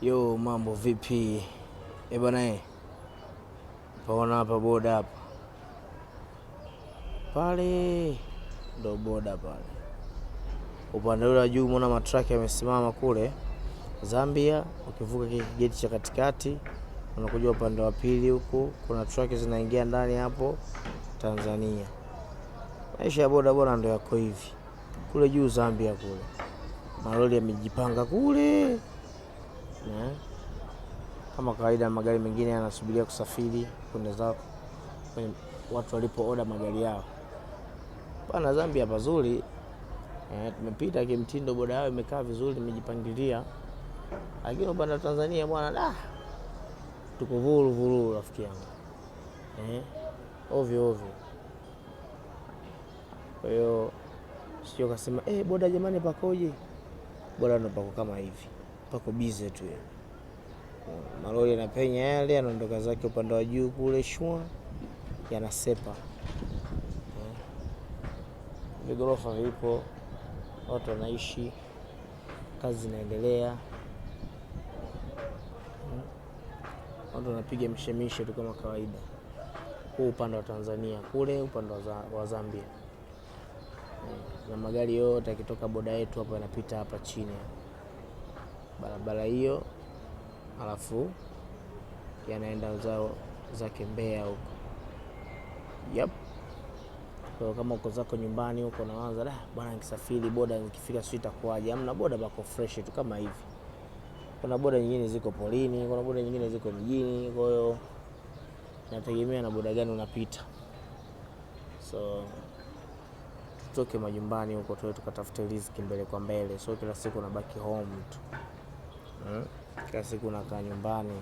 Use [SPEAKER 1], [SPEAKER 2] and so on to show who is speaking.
[SPEAKER 1] Yo, mambo vipi? Eh bwana, eh. paona hapa boda hapa pale, ndo boda pale upande ule wa juu, muona matraki yamesimama kule Zambia. Ukivuka kigeti cha katikati, unakuja upande wa pili huku, kuna traki zinaingia ndani hapo Tanzania. Maisha ya boda bwana ndo yako hivi. Kule juu Zambia kule malori yamejipanga kule eh. Kama kawaida magari mengine yanasubiria kusafiri kwenda zao kwenye watu walipo oda magari yao bana. Zambia pazuri eh, tumepita kimtindo, boda yao imekaa vizuri, imejipangilia. Lakini wa Tanzania bwana da, tuko vuru vuru rafiki yangu eh, ovyo ovyo. Kwa hiyo sio kasema eh, boda jamani, pakoje? Boda ndo pako kama hivi pako bize tu ya uh, malori yanapenya yale, yanaondoka zake upande wa juu kule shua, yanasepa uh, vigorofa vipo, watu wanaishi, kazi zinaendelea, uh, watu wanapiga mshemisho tu kama kawaida. Huu upande wa Tanzania kule upande wa Zambia, na magari yote yakitoka boda yetu hapo yanapita hapa chini barabara hiyo, alafu yanaenda zao zake Mbeya huko. Yep. Kwa kama uko zako nyumbani huko nawaza da ah, bwana, nikisafiri boda nikifika sio itakuwaje? Amna, boda bako fresh tu kama hivi. Kuna boda nyingine ziko polini, kuna boda nyingine ziko mjini, kwa hiyo nategemea na boda gani unapita. So tutoke majumbani huko tuwe tukatafute riziki mbele kwa mbele, so kila siku nabaki home tu kila siku nakaa nyumbani.